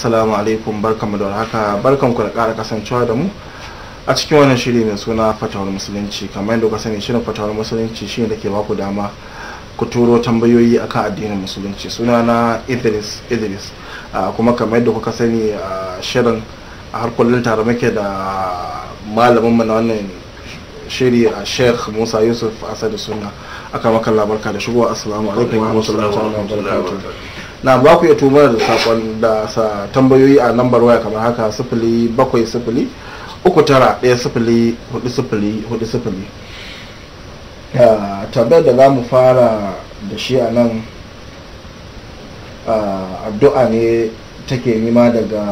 Assalamu alaikum barkanmu da haka barkanku da ƙara kasancewa da mu a cikin wannan shiri mai suna fatawar musulunci kamar yadda kuka sani shirin fatawar musulunci shine da ke baku dama ku turo tambayoyi akan addinin musulunci suna na Idris Idris kuma kamar yadda kuka sani shirin a har kullun tare muke da malamin mu na wannan shiri a Sheikh Musa Yusuf Asadu Sunna aka maka labarka da shigo assalamu alaikum wa rahmatullahi wa barakatuh na ba ku iya tumar da sakon da sa tambayoyi a lambar waya kamar haka sifili bakwai sifili uku tara ɗaya sifili hudu sifili hudu sifili tambayar da za mu fara da shi a nan addu'a ne take nima daga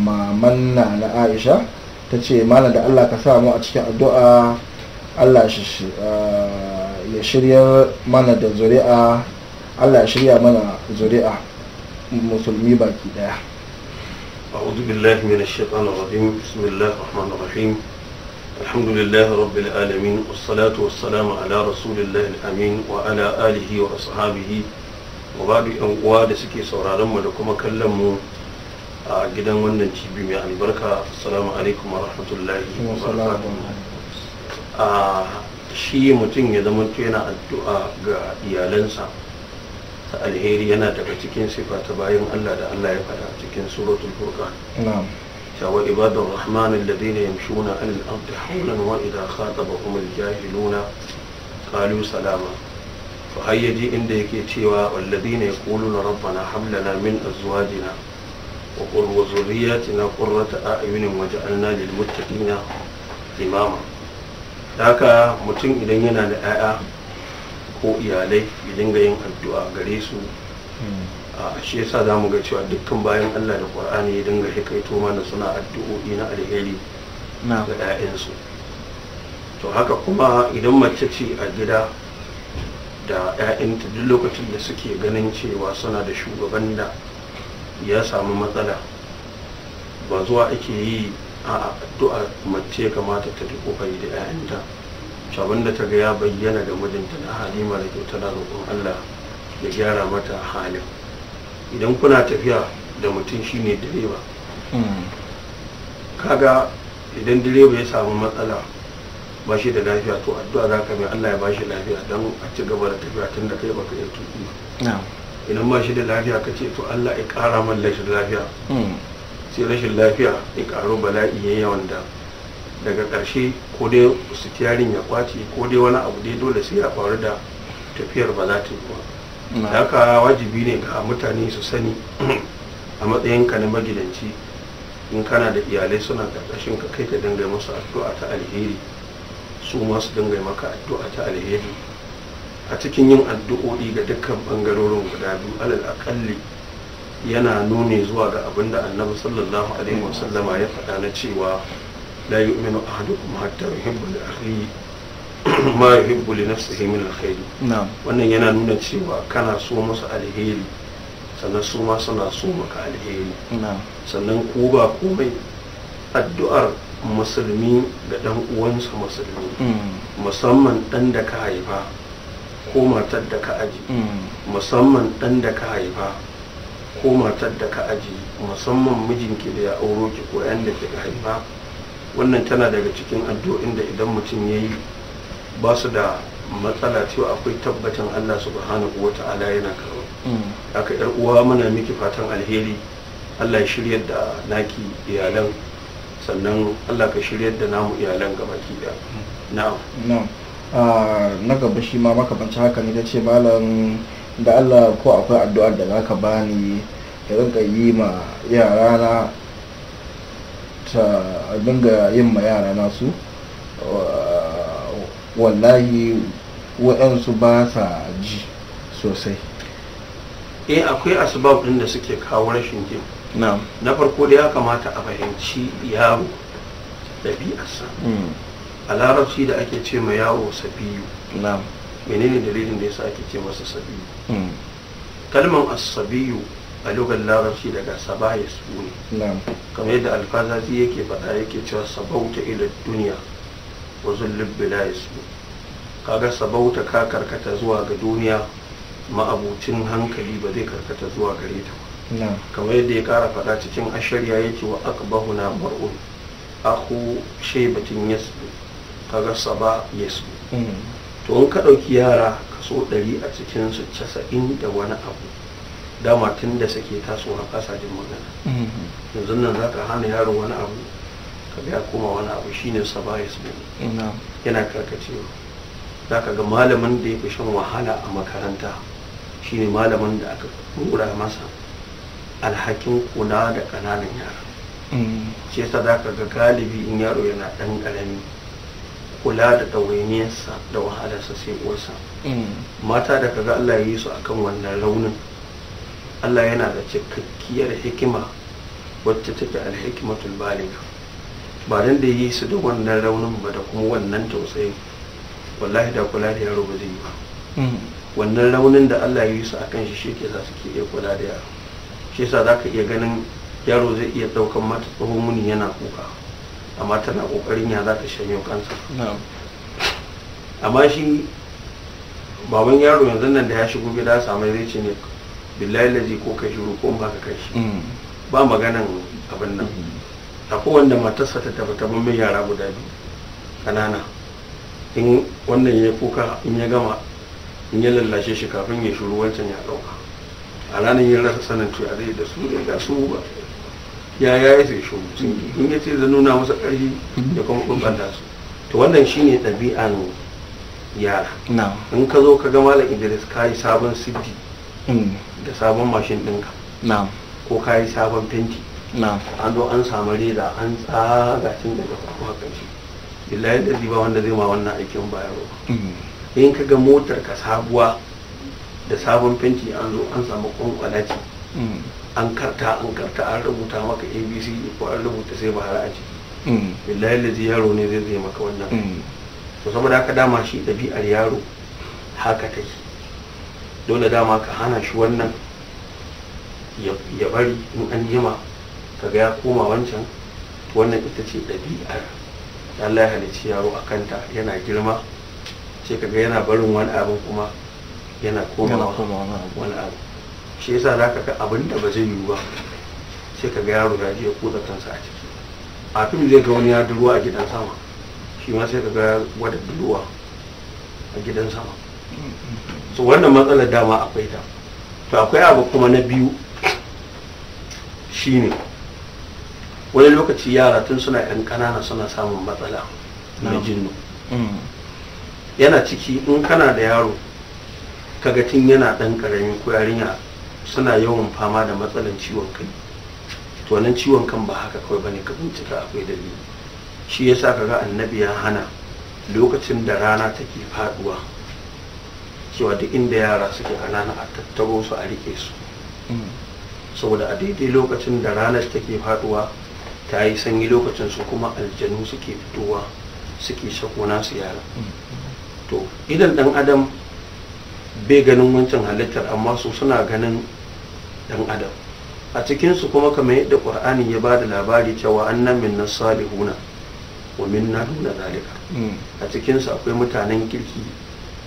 mamanna na aisha ta ce malam da allah ka samu a cikin addu'a allah ya shirya mana da zuri'a allah ya shirya mana zuri'a musulmi ba ki daya a'udhu billahi minash shaitanir rajim bismillahir alhamdulillahi rabbil alamin was salatu ala rasulillahi amin wa alihi wa ashabihi wa babu an uwa da suke sauraron mu da kuma kallon mu a gidan wannan TV mai albarka assalamu alaikum warahmatullahi a ah, shi mutum ya zama tana addu'a ga iyalansa alheri yana daga cikin sifa ta bayan Allah da Allah ya faɗa cikin suratul furqan na'am cewa ibadur rahman alladhina yamshuna alal ardi hawlan wa idha khatabahum aljahiluna qalu salama to yaji inda yake cewa alladhina yaquluna rabbana hab lana min azwajina wa qur wa zurriyyatina qurrata a'yunin waj'alna lil muttaqina imama haka mutum idan yana da 'ya'ya ko iyalai ya dinga yin addu'a gare su hmm. a ah, shi yasa za mu ga cewa dukkan bayan allah da ƙur'ani ya dinga hikaito mana suna addu'o'i na alheri ga 'ya'yansu to haka kuma idan mace ce a gida da 'ya'yanta duk lokacin da suke ganin cewa suna da shugaban da ya samu matsala ba zuwa ake yi a addu'a mace kamata ta duk da 'ya'yanta abin da ta ga ya bayyana ga mijinta na halima da kyau tana roƙon allah ya gyara mata halin idan kuna tafiya da mutum shine direba hmm. kaga idan direba ya samu matsala ba shi da lafiya to addu'a za ka mai allah ya ba shi lafiya don a ci gaba da tafiya tun da kai baka yi tuƙi ba idan ba shi da lafiya ka ce to allah ya ƙara man lafiya hmm. sai rashin lafiya ya ƙaro bala'i ya yawan da daga ƙarshe ko dai sitiyarin ya kwace ko dai wani abu dai dole sai ya faru da tafiyar ba za ta yi ba haka wajibi ne ga mutane su sani a matsayin ka na magidanci in kana da iyalai suna ƙarƙashin ka kai ka dinga masu addu'a ta alheri su ma su dinga maka addu'a ta alheri a cikin yin addu'o'i ga dukkan bangarorin guda biyu alal akalli yana nuni zuwa ga abin da annabi sallallahu alaihi wasallama ya faɗa na cewa لا يؤمن min alkhair wannan yana nuna cewa kana so masa alheri sannan su ma suna so maka alheri sannan ko komai addu'ar musulmi ga dan uwansa musulmi musamman dan da ka haifa ko matar da ka aji musamman mijinki da ya auro ko yan da haifa wannan tana daga cikin addu'o'in da idan mutum ya yi ba su da matsala cewa akwai tabbacin allah subhanahu wa ta'ala yana karo mm. aka yar uwa muna miki fatan alheri allah ya shirya da naki iyalan sannan allah ka shirya da namu iyalan gaba ki da ah, na gaba shi ma makamanci haka ne da ce malam da allah ko akwai addu'ar da zaka bani ya rinka yi ma yarana a dinga yin ma yara nasu wallahi waɗansu ba sa ji sosai eh akwai asbab ɗin da suke kawo rashin jin na farko da ya kamata a fahimci yaro ɗabi'arsa hmm. a larabci da ake ce ma yawo sabiyu menene dalilin da yasa ake ce masa sabiyu hmm. kalmar asabiyu a lugar larabci daga saba su ne kamar yadda alfazazi yake faɗa yake cewa sabauta ila duniya wa zullub bila ya su kaga sabauta ka karkata zuwa ga duniya ma'abucin hankali ba zai karkata zuwa gare ta ba kamar yadda ya kara faɗa cikin ashariya yake wa akbahu na mar'un aku shaibatin yasbu kaga saba Yasu. Mm-hmm. to in ka ɗauki yara kaso ɗari a cikin su casa'in da wani abu dama tun da suke tasowa kasa jin magana mm-hmm. yanzu nan za ka hana yaro wani abu ka biya koma wani abu shine sabayis ne yana karkacewa za ka ga malamin da ya fi shan wahala a makaranta shine malamin da aka kura masa alhakin kula da kananan yara mm-hmm. shi yasa za ka ga galibi in yaro yana ɗan karami kula da ɗawainiyarsa da wahalarsa sai uwarsa mm-hmm. mata da ga Allah ya yi su akan wannan raunin Allah yana da cikakkiyar hikima wacce take alhikimatul baliga ba dan da yi su da wannan raunin ba da kuma wannan tausayin wallahi da kula da yaro ba zai yi ba hmm. wannan raunin da Allah ya yi su akan shi shi ke sa suke iya kula da yaro shi yasa zaka iya ganin yaro zai iya daukan mata tsohon muni yana kuka amma tana kokarin ya za ta shanyo kansa amma shi baban yaro yanzu nan da ya shigo gida samai zai ce ne billahi lazi ko kai shiru ko ba ka kai shi mm. ba maganan abin nan mm. akwai wanda matarsa ta tafi ta mai yara guda biyu kanana in wannan ya kuka in ya gama in ya lallashe shi kafin ya shiru wancan ya dauka a ranar yin rasa sanin a zai da su da su ba ya ya yi sai shiru mm. in ya ce zai nuna masa ƙarfi da kuma kumbanta su to wannan shine ɗabi'an yara in ka zo ka ga malam idris ka yi sabon siddi Mm. da sabon mashin ɗinka ko ka yi sabon fenti an zo an samu reza an tsaga cin daga farko ƙarshe illa da ba wanda zai ma wannan aikin bayarwa mm. in ka ga motar ka sabuwa da sabon fenti an zo an samu kwankwalaci mm. an karta an karta an rubuta maka abc ko an rubuta sai ba a ciki billahi lazi yaro ne zai zai maka wannan to saboda haka dama shi ɗabi'ar yaro haka take dole dama ka hana shi wannan ya bari in an jima kaga ya koma wancan wannan ita ce ɗabi'ar Allah ya halicci yaro a kanta yana girma ka kaga yana barin wani abin kuma yana komawa wani abu shi yasa za ka ga abin da ba zai yiwu ba sai kaga yaro ya ya kuɗa kansa a ciki a fim zai ga wani ya duruwa a gidan sama shi ma sai kaga wadda duruwa a gidan sama mm, mm, mm. su wannan matsalar dama akwai ta to akwai abu kuma na biyu shine wani lokaci yara tun suna yan ƙanana suna samun matsala na jinnu mm. yana ciki in kana da yaro kaga tun yana ɗan ƙaramin ko yarinya suna yawan fama da matsalan ciwon kai to nan ciwon kan ba haka kawai bane ka bincika akwai dalili shi yasa kaga annabi ya hana lokacin da rana take faduwa cewa duk inda yara suke rana a tattaro su a rike su saboda a daidai lokacin da ranar take faduwa ta yi sanyi lokacin su kuma aljanu suke fitowa suke shakona su yara to idan dan adam bai ganin wancan halittar amma su suna ganin dan adam a cikinsu kuma kamar yadda ƙur'ani ya ba da labari cewa annan min na salihuna wa min na nuna zalika mm. a cikinsu akwai mutanen kirki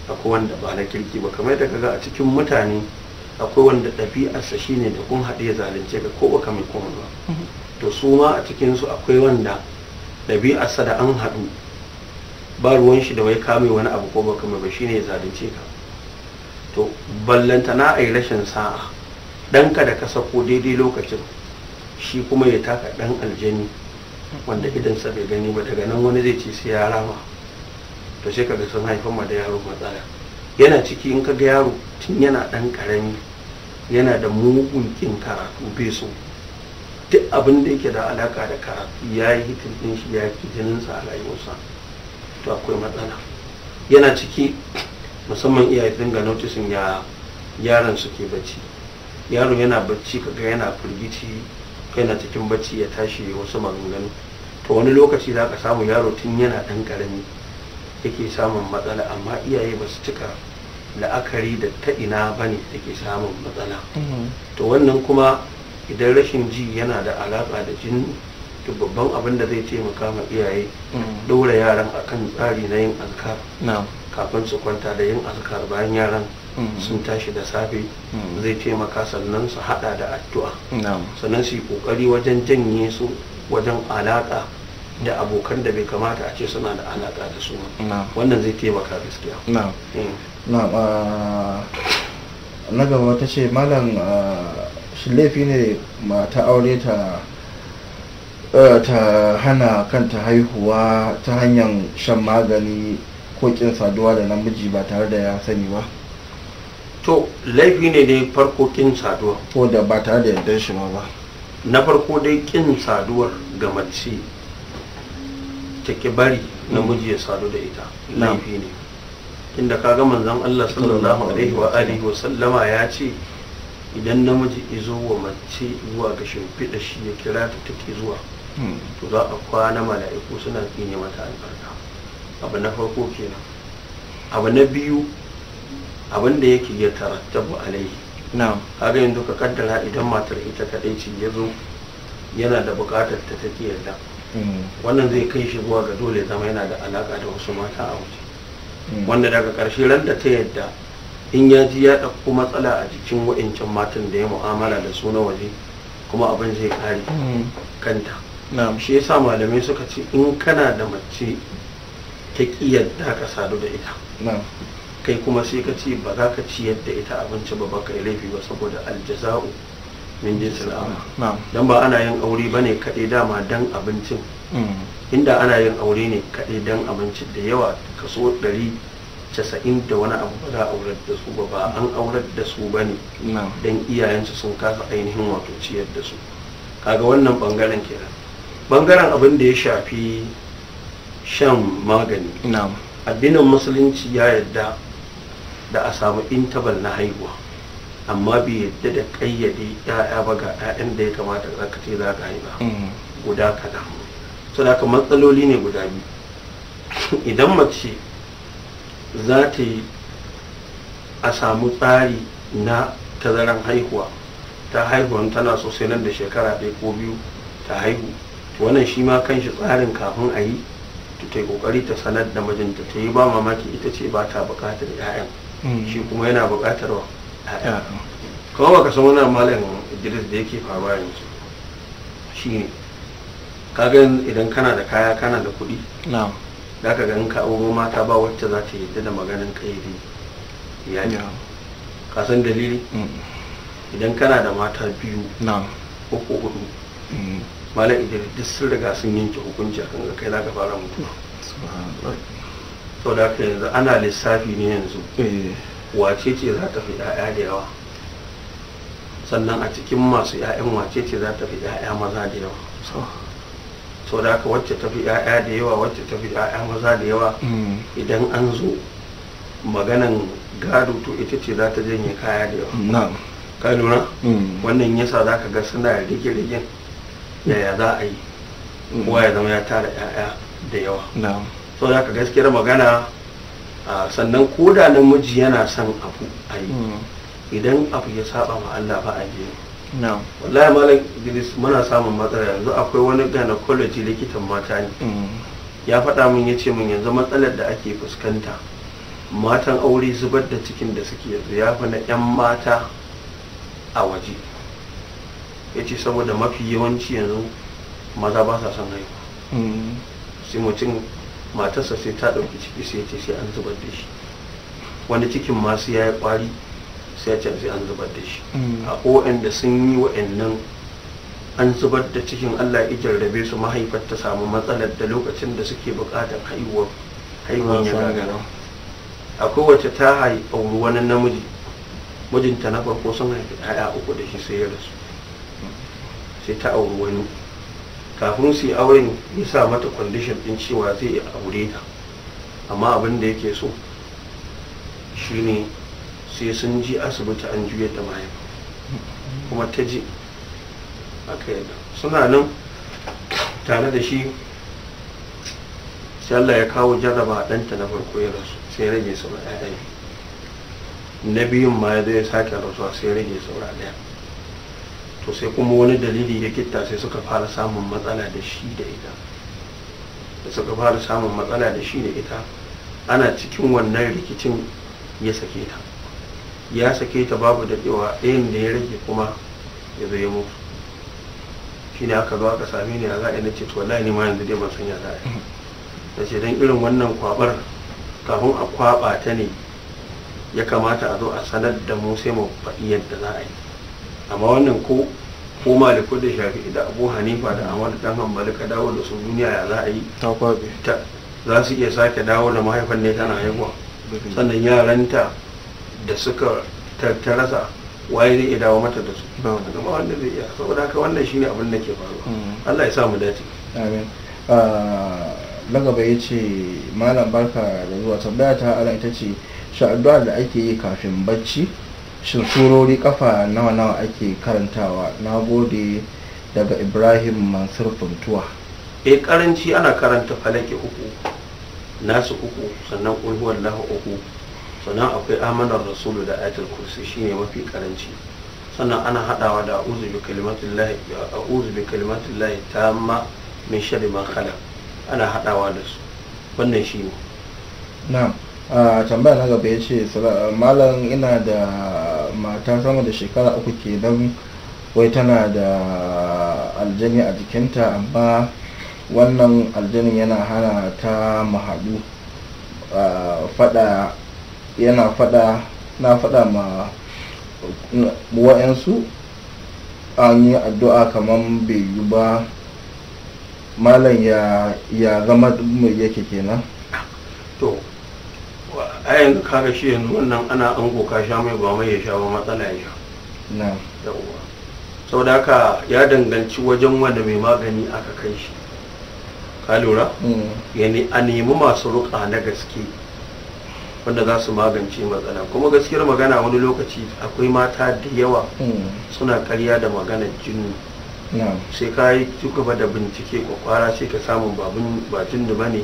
akwai wanda ba na kirki ba kamar da kaga a cikin mutane akwai wanda ɗabi'arsa shine da kun haɗe ya zalunce ka ko baka mai komai ba to su ma a cikinsu akwai wanda ɗabi'arsa da an haɗu ba ruwan shi da wai kame wani abu ko baka mai ba shine ya zalunce ka to ballantana a yi rashin sa'a ɗanka da ka sako daidai lokacin shi kuma ya taka ɗan aljani wanda idan sa bai gani ba daga nan wani zai ce sai ya rama to sai kaga sun haifan ma da yaro matsala yana ciki in kaga yaro tun yana dan karami yana da mugun kin karatu bai so duk abin da yake da alaka da karatu ya yi hitin shi ya jinin jininsa a rayuwarsa to akwai matsala yana ciki musamman iyaye dinga notisin ya yaron su ke bacci yaro yana bacci kaga yana firgici yana cikin bacci ya tashi wasu maganganu to wani lokaci za ka samu yaro tun yana dan karami. yake samun matsala amma iyaye ba su cika la'akari da ta ina ba ne take samun matsala mm-hmm. to wannan kuma idan rashin ji yana da alaƙa da jini to babban abin da zai taimaka ma iyaye mm-hmm. ɗaura yaran akan tsari na yin azkar kafin su kwanta da yin azkar bayan yaran mm-hmm. sun tashi da safe zai taimaka sannan su hada da addu'a sannan su yi kokari wajen janye su wajen alaƙa da abokan da bai kamata a ce suna da alaƙa da su wannan zai taimaka gaskiya na mm. Na gaba ta ce malam shi laifi ne mata aure ta ta hana kanta haihuwa ta hanyar shan magani ko kin saduwa da namiji ba tare da ya sani ba to laifi ne dai farko kin saduwa ko da ba tare da yardar shi ba na farko dai kin saduwar ga mace ta ki bari namiji ya sadu da ita laifi ne inda ga manzon Allah sallallahu alaihi wa alihi wa sallama ya ce idan namiji izo wa mace zuwa ga shimfiɗa shi ya kira ta take zuwa hmm. to za a kwana mala'iku suna tsine mata albarka abu na farko kenan abu na biyu abin da yake ya tarattabu alaihi Har yanzu ka kaddara idan matar ita kaɗai ce ya zo yana da buƙatar ta take yarda. Mm. wannan zai kai shi zuwa ga dole zama yana da alaka da wasu mata a waje mm. wanda daga karshe da ta yadda in ya ji ya ɗauko matsala a jikin wa'incan matan da ya mu'amala da suna waje kuma abin zai kare mm. kanta shi ya sa malamai suka ce in kana da mace ta yadda ka sadu da ita kai kuma sai ka ce ba za ka ciyar da ita abinci ba ba ka laifi ba saboda aljaza'u min jinsin amal don ba ana yin aure ba ne kaɗai dama dan abincin mm. inda ana yin aure ne kaɗai dan abincin da yawa kaso ɗari casa'in da wani abu ba za a aurar da su ba ba an aurar da su ba ne don iyayensu sun kasa ainihin wato ciyar da su kaga wannan bangaren kenan bangaren abin da ya shafi shan magani addinin musulunci ya yarda da a samu intabal na haihuwa amma bai yadda da kayyade ya'ya ba ga 'ya'yan da ya kamata za ka ce za ka haifa mm. guda kada so da matsaloli ne guda biyu idan mace za ta yi a samu tsari na tazaran haihuwa ta haihuwa tana sosai nan da shekara ɗaya ko biyu ta haihu wannan shi ma shi tsarin kafin a yi ta yi kokari ta sanar da mijinta ta yi ba mamaki ita ce ba ta buƙatar 'ya'yan mm. shi kuma yana buƙatar kuma ka san wani malam idris da yake faruwa yanzu shi ne kagan idan kana da kaya kana da kuɗi da ka ganin ka auro mata ba wacce za ta yadda da maganin kaidi iyali ka san dalili mm. idan kana da mata biyu uku hudu mm. malam idris duk sun riga sun yanke hukunci a kan kai za ka fara mutuwa sau da haka yanzu ana lissafi ne yanzu eh. wace ce za ta fi 'ya'ya da yawa sannan a cikin masu 'ya'yan wace ce za ta fi 'ya'ya maza da yawa sau da haka wacce ta fi 'ya'ya da yawa wacce ta fi 'ya'ya maza da yawa mm. idan an zo maganan gado to ita ce za ta janye kaya da yawa ka lura mm. wannan yasa za ka ga suna rige-rigen yaya za a yi mm. kowa ya zama ya tara 'ya'ya da yawa sau da haka gaskiyar magana Ah, sannan ko da namiji yana son abu a yi hmm. idan abu ya saba ma Allah ba a yi wallahi malam gidis muna samun matsala yanzu akwai wani gynecology likitan mata ne hmm. ya faɗa min ya ce min yanzu matsalar da ake fuskanta matan aure zubar da cikin da suke yanzu ya fi na 'yan mata a waje ya ce saboda mafi yawanci yanzu maza ba sa son haihuwa hmm. sai mutum matarsa sai ta ɗauki ciki sai ce sai an zubar da shi wani cikin masu ya yi kwari sai ce sai an zubar da shi a o'an da sun yi wa'annan an zubar da cikin allah ya jarrabe su mahaifar ta samu matsalar da lokacin da suke buƙatar haihuwar haihuwar ya gagara akwai wacce ta haihu wani namiji mijinta na farko sun haifi 'ya'ya uku da shi sai ya rasu sai ta auri wani kafin su yi auren ya sa mata kwandishin din cewa zai yi aure ta amma abin da yake so shine sai sun ji asibiti an juya da mahaifa kuma ta ji aka yadda suna nan tare da shi sai Allah ya kawo jarraba ɗanta na farko ya rasu sai rage saura ɗaya na biyun ma ya zai sake rasuwa sai rage saura ɗaya to sai kuma wani dalili ya kitta sai suka fara samun matsala da shi da ita da suka fara samun matsala da shi da ita ana cikin wannan rikicin ya sake ta ya sake ta babu daɗewa ɗayan da ya rage kuma ya zai ya mutu shi ne aka zo aka sami ne a za'a na ce to ne ma yanzu dai ban san za'a da ce don irin wannan kwabar kafin a kwaba ta ne ya kamata a zo a sanar da mu sai mu faɗi yadda za a yi amma wannan ko ko maliku da shafi da abu hanifa da ahmad dan hanbali ka dawo da su duniya ya za a yi ta za su iya sake dawo da mahaifan ne tana haihuwa sannan yaranta da suka tattarasa waye zai iya dawo mata da su kuma wanda zai iya saboda haka wannan shine abin da ke faruwa mm. Allah ya sa mu dace amin ah, lagaba ya ce malam barka da zuwa tambaya ta ala ita ce sha'addu'a da ake yi kafin bacci shin surori kafa nawa nawa ake karantawa na gode daga ibrahim mansur funtuwa eh karanci ana karanta falake uku nasu uku sannan ulhuwar lahu uku sannan akwai amanar rasulu da ayatul kursi shine mafi karanci sannan ana hadawa da a'udhu bi kalimatillahi a'udhu bi kalimatillahi tamma min sharri ma ana hadawa da su wannan shine na'am a ah, tambaya na gaba yace malam ina da mata sama da shekara uku kenan wai tana da aljani a jikinta amma wannan aljanin yana hana ta mahadu yana fada na fada ma wa'yansu an yi addu'a kamar bai yi ba malam ya zama yake kenan a yanzu kare shi yanzu wannan ana ango ka sha mai ba mai ya sha ba matsala ya sha na yawwa sau da haka ya danganci wajen wanda mai magani aka kai shi ka lura mm. yani a nemi masu ruka na gaske wanda za su magance matsala kuma gaskiyar magana wani lokaci akwai mata da yawa mm. suna karya da maganar jini sai ka yi ba da bincike kwakwara sai ka samun babin batun da ne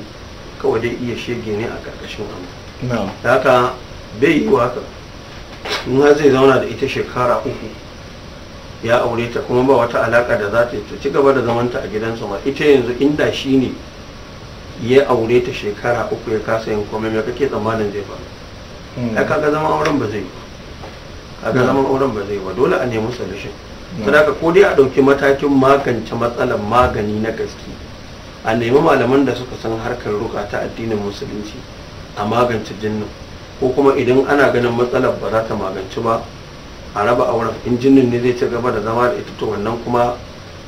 kawai dai iya shege ne a ƙarƙashin amma. haka bai yi haka in har zai zauna da ita shekara uku ya aure ta kuma ba wata alaka da za ta ci gaba da zamanta a gidansa ma ita yanzu inda shi ne ya aure ta shekara uku ya kasa yin komai mai kake tsammanin zai faru ya hmm. kaga zama auren ba zai kaga zaman auren ba zai ba dole a nemi solution sadaka ko dai a ɗauki matakin magance matsalar magani na gaske a nemi malaman da suka san harkar ruka ta addinin musulunci a magance jinnin ko kuma idan ana ganin matsalar ba za ta magance ba a raba auren in jinnin ne zai ci gaba da zama da ita to wannan kuma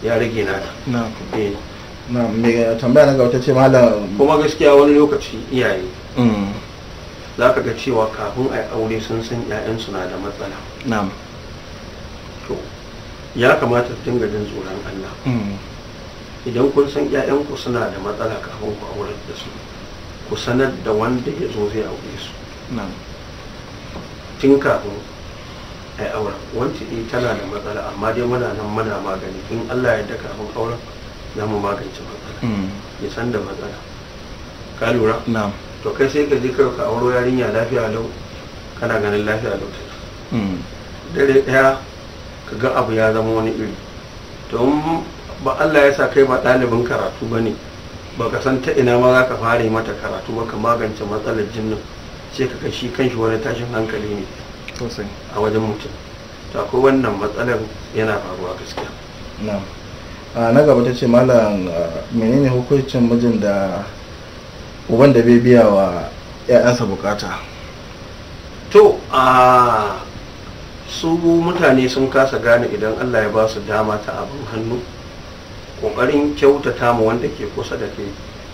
ya rage na na mai tambaya na gauta ce malam kuma gaskiya wani lokaci iyaye mm. za ka ga cewa kafin a aure sun san 'ya'yansu na da matsala to ya kamata su dinga jin tsoron allah mm. idan kun san 'ya'yanku suna da matsala kafin ku aure da su ku sanar da wanda ya zo zai aure su tun kafin a yi wancan ɗaya eh tana da matsala amma dai muna nan muna magani in allah ya daka kafin aure. za mu magance matsala hmm. ya san da matsala ka lura to kai sai ka je ka ka auro yarinya lafiya lau kana ganin lafiya lau ta hmm. dare ɗaya ka ga abu ya zama wani iri to ba allah ya sa kai ba ɗalibin karatu ba ne baka san ta ina ma za ka fara yi mata karatu ba ka magance matsalar jinnin sai ka kai shi kanshi wani tashin hankali ne a wajen mutum ta ko wannan matsalar yana faruwa gaskiya ah, na gaba ta ce malam ah, menene hukuncin mijin da uban da bai biya wa 'ya'yansa bukata to a ah, su mutane sun kasa gane idan allah ya ba su dama ta abin hannu kokarin kyautata mu wanda ke kusa da kai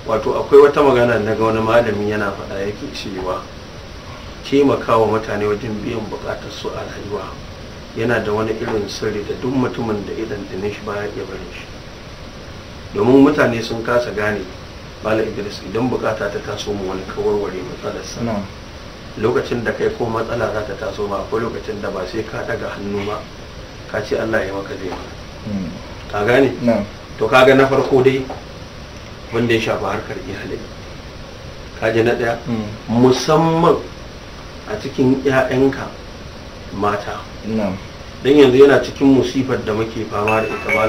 wato akwai wata magana na ga wani malami yana faɗa yake cewa taimakawa mutane wajen biyan bukatar su a rayuwa yana da wani irin sirri da duk mutumin da idan dinin shi baya iya barin shi domin mutane sun kasa gane bala idris idan bukata ta taso mu wani kawarware matsalarsa lokacin da kai ko matsala za ta taso ma akwai lokacin da ba sai ka daga hannu ba ka ce allah ya maka zai hmm. ka gane to kaga na farko dai wanda ya shafa harkar iyalai kaji na ɗaya mm. musamman a cikin 'ya'yanka mata don yanzu yana cikin musifar da muke fama da ita ba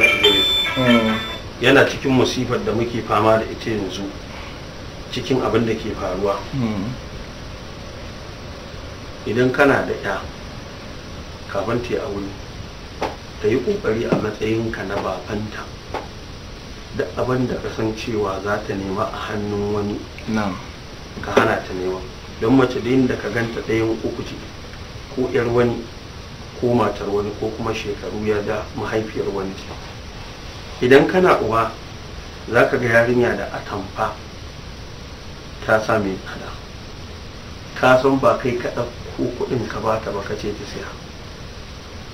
mm. yana cikin musifar da muke fama da ita yanzu cikin abin da ke faruwa mm. idan kana da ya kafin ta yi wuni ta yi kokari a matsayinka na babanta duk abin da ka san cewa za ta nema a hannun wani ka hana ta nema don mace da da ka ganta ɗayan uku ce ko yar wani ko matar wani ko kuma shekaru ya da mahaifiyar wani ce idan kana uba za ka ga yarinya da atamfa ta sa mai kada ka san ba kai ka ɗauko kuɗin ka ba ta ba ka ce ta siya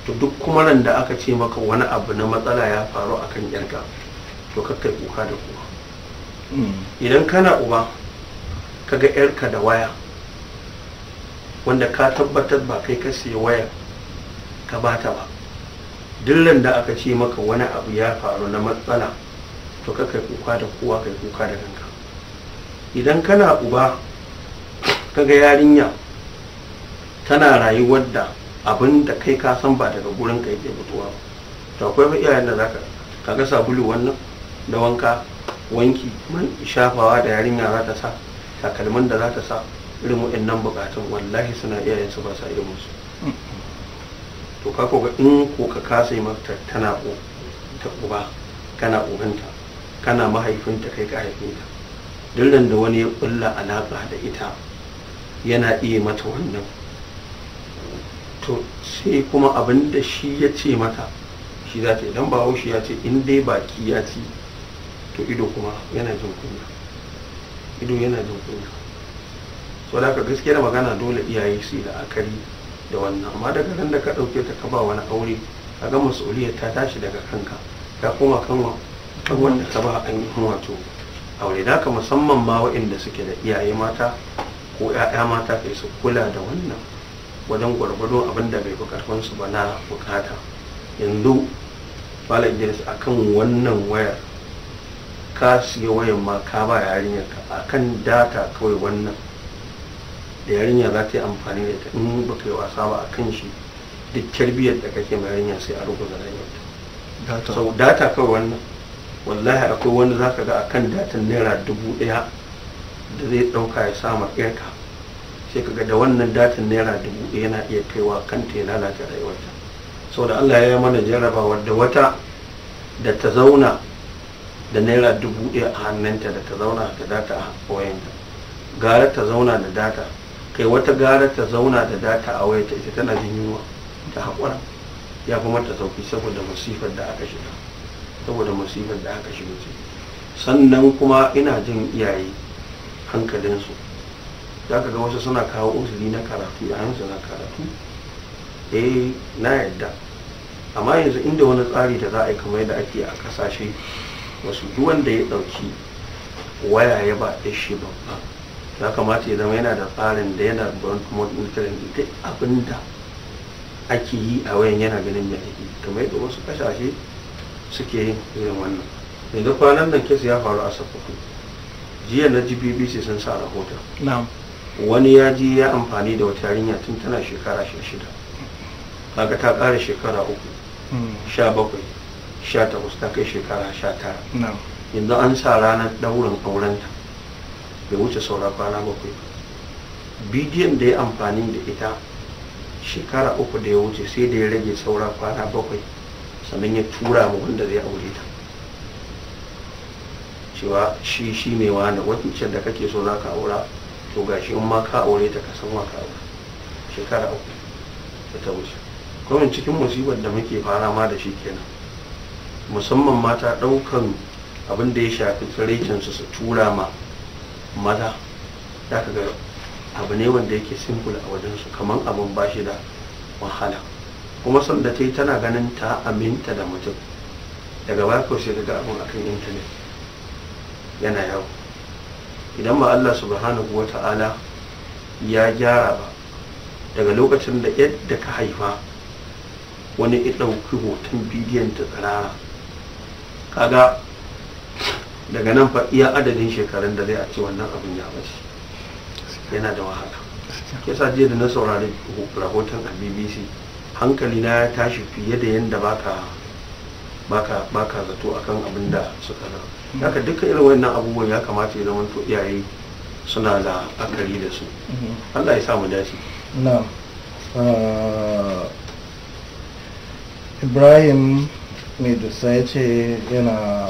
to duk kuma ran da aka ce maka wani abu na matsala ya faru akan yarka to ka kai kuka da kuka hmm. idan kana uba kaga yarka da waya wanda ka tabbatar ba kai ka siya waya ka bata ba dillan da aka ce maka wani abu ya faru na matsala to ka kai kuka da kowa kai kuka da kanka idan kana uba kaga yarinya tana rayuwar da abin da kai ka san ba daga gurin ka yake fitowa to akwai iyayen da zaka kaga sabulu wannan da wanka wanki man shafawa da yarinya za ta sa takalmin da za ta sa irin waɗannan bukatun wallahi suna yin su ba sa irin wasu. to ka ga in ko ka kasa mata tana ko ta uba kana ubanta kana mahaifinta kai ka haifinta dillan da wani ya kulla alaƙa da ita yana iya mata wannan to sai kuma abin da shi ya ce mata shi za ta idan ba ya ce in dai baki ya ci to ido kuma yana jin kunya ido yana jin kunya so da magana dole iyaye su yi la'akari da wannan amma daga nan da ka ɗauke ta ka ba wani aure ka ga mas'uliyar ta tashi daga kanka ka koma kan wanda ka ba yi wato aure da ka musamman ma wa'inda suke da iyaye mata ko 'ya'ya mata kai su kula da wannan wajen gwargwado abin da bai fi su ba na bukata yanzu malam idris akan wannan wayar ka siya wayan ma ka ba yarinyar ka kan data kawai wannan da yarinya za ta yi amfani da ita in ba ka yi wasa ba a kan shi duk tarbiyyar da kake ma yarinya sai a rubuta rayuwarta sau data kawai wannan wallahi akwai wani za ka ga a kan datan naira dubu ɗaya da zai ɗauka ya sama 'yarka sai ka ga da wannan datan naira dubu ɗaya yana iya kaiwa kanta ya lalata rayuwarta sau da allah ya yi mana jarrabawar da wata da ta zauna da naira dubu ɗaya a hannunta da ta zauna ta data a wayanta gara ta zauna da data kai wata gara ta zauna da data a wayanta ita tana jin yunwa ta haƙura ya fi mata sauƙi saboda masifar da aka shiga saboda masifar da aka shiga sannan kuma ina jin iyaye hankalinsu za ka ga wasu suna kawo usuli na karatu yayin su na karatu eh na yadda amma yanzu inda wani tsari da za a yi kamar yadda ake a kasashe wasu duk wanda ya ɗauki waya ya ba ɗan shi babba ya kamata ya zama yana da tsarin da yana burn modern training ita abin da ake yi a wayan yana ganin mai aiki kamar yadda wasu ƙasashe suke yin irin wannan yanzu kwanan nan kes ya faru a sakkwato jiya na gbbc sun sa rahoton wani ya ji ya amfani da wata yarinya tun tana shekara shida kaga ta ƙara shekara uku hmm. sha bakwai 18 ta kai shekara 19 yanzu an sa ranar ɗaurin aurenta bai wuce saura kwana bakwai bidiyon da ya amfani da ita shekara uku da ya wuce sai da ya rage saura kwana bakwai sannan ya tura mu wanda zai aure ta cewa shi shi ne wani wancan da kake so za ka aura to ga shi ma ka aure ta ka san wa ka aure shekara uku da ta wuce kawai cikin musibar da muke fara ma da shi kenan musamman mata ɗaukan abin da ya shafi tsarikin su su tura ma maza Da ka ga abu ne wanda yake simple a wajensu kamar abin ba shi da wahala kuma sanda ta yi tana ganin ta aminta da mutum daga baya shi sai daga abin akan intanet yana yawo idan ba Allah subhanahu wa ta'ala ya gyara ba daga lokacin da yadda ka haifa wani ya hoton bidiyon ta tsirara kaga daga nan fa iya adadin shekarun da zai a ce wannan abin ya bace yana da wahala yasa jiya da na saurari rahoton a bbc hankali na ya tashi fiye da yadda baka baka baka zato akan abin da suka da haka dukkan irin wannan abubuwan ya kamata ya zamanto iyaye suna da akari da su mm-hmm. allah ya sa mu dace uh, ibrahim mai dusa ya ce yana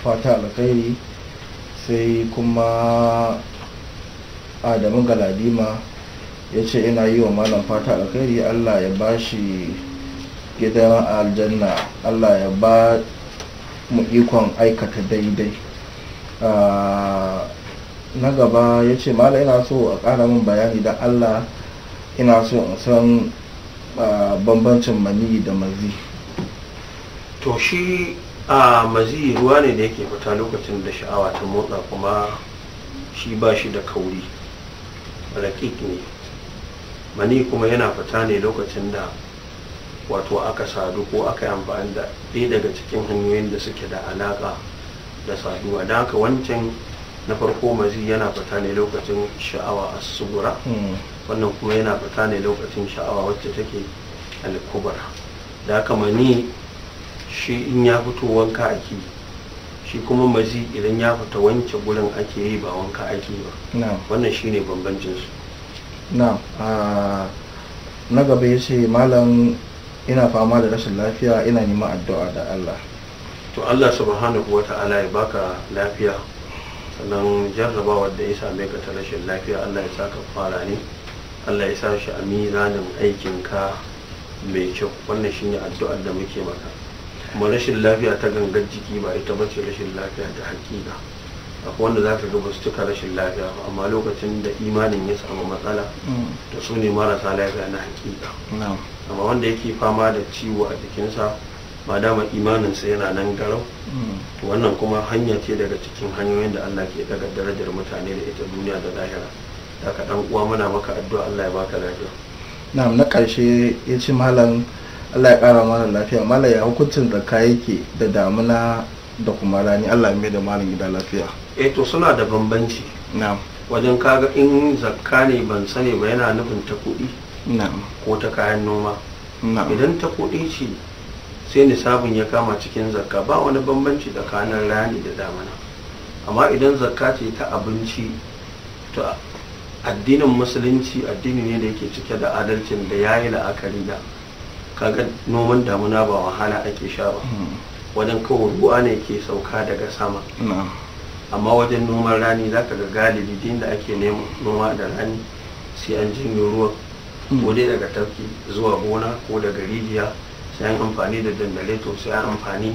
fata alkhairi sai kuma adamu galadima ya ce yana yi wa malam fata alkhairi allah ya ba shi gidan aljanna allah ya ba mu ikon aikata daidai na gaba ya ce malam ina so a kara min bayani da allah ina so in san bambancin mani da mazi to shi a mazi ruwa ne da yake fita lokacin da sha'awa ta motsa kuma shi ba shi da kauri rakik ne mani kuma yana fita ne lokacin da wato aka sadu ko aka yi amfani da ɗaya daga cikin hanyoyin da suke da alaƙa da saduwa da haka wancan na farko mazi yana fita ne lokacin sha'awa a sugura hmm. wannan kuma yana fita ne lokacin sha'awa wacce take alkubara da haka mani shi in ya fito wanka ake shi kuma mazi idan ya fita wanke gurin ake yi ba wanka ake ba wannan ne bambancin su na gaba ya ce malam ina fama da rashin lafiya ina neman addu'a da Allah to Allah subhanahu ta'ala ya baka lafiya sannan jarrabawar da ya same ka ta rashin lafiya Allah ya sa ka fara ne Allah ya sa shi a mizanin aikinka mai kyau wannan shi ne addu'ar da muke maka kuma rashin lafiya ta gangar jiki ba ita bace rashin lafiya ta hakika akwai wanda za ka ga basu cika rashin lafiya ba amma lokacin da imanin ya samu matsala da mm. su ne marasa lafiya na hakika amma wanda yake fama da ciwo a jikinsa ba dama imaninsa yana nan garau mm. wannan kuma hanya ce daga cikin hanyoyin da Allah ke daga darajar mutane da ita duniya da lahira da ka dan uwa muna maka addu'a Allah ya baka lafiya na'am na karshe ya ci malam Allah ya kara mana lafiya mala ya hukuncin zakka yake da damuna da kuma rani Allah ya mai da malam gida lafiya eh to suna da bambanci na'am wajen kaga in zakka ne ban sani ba yana nufin ta kuɗi na'am ko ta kayan noma na'am idan ta kuɗi ce sai nisabin ya kama cikin zakka ba wani bambanci tsakanin rani da damuna amma idan zakka ce ta abinci to addinin musulunci addini ne da yake cike da adalcin da yayi la'akari da kaga noman damuna ba wahala ake sha ba hmm. wajen kawo ruwa ne ke sauka daga sama amma wajen noman rani za ka ga galibi din da ake noma da rani sai an jinyo ruwa. Hmm. ko dai daga tafki zuwa gona ko daga rijiya sai an amfani da dandaleto sai an amfani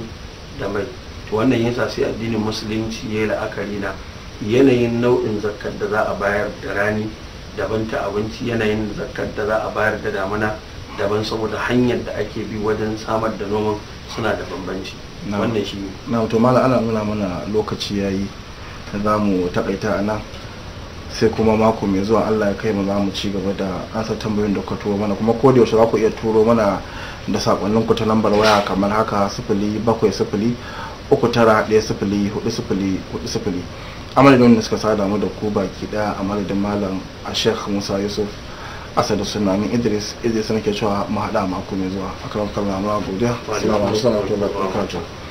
da mai to wannan yasa sai addinin musulunci ya yi la'akari na yanayin nau'in zakar da za a bayar da rani daban ta abinci yanayin zakkar da za a bayar da damuna daban saboda hanyar da ake bi wajen samar da noman suna da bambanci wannan shi na to mala ana nuna mana lokaci yayi za mu takaita a nan sai kuma mako mai zuwa allah ya kai mu za mu ci gaba da ansa tambayoyin da kuka turo mana kuma ko da yaushe za ku iya turo mana da sakonnin ku ta lambar waya kamar haka sifili bakwai sifili uku tara ɗaya sifili hudu sifili hudu sifili amadadin da suka sada mu da ku baki daya a madadin malam a sheikh musa yusuf asadu sunani idris idris nake cewa mu haɗa mako mai zuwa akan kalmar ma godiya assalamu alaikum wa rahmatullahi wa barakatuh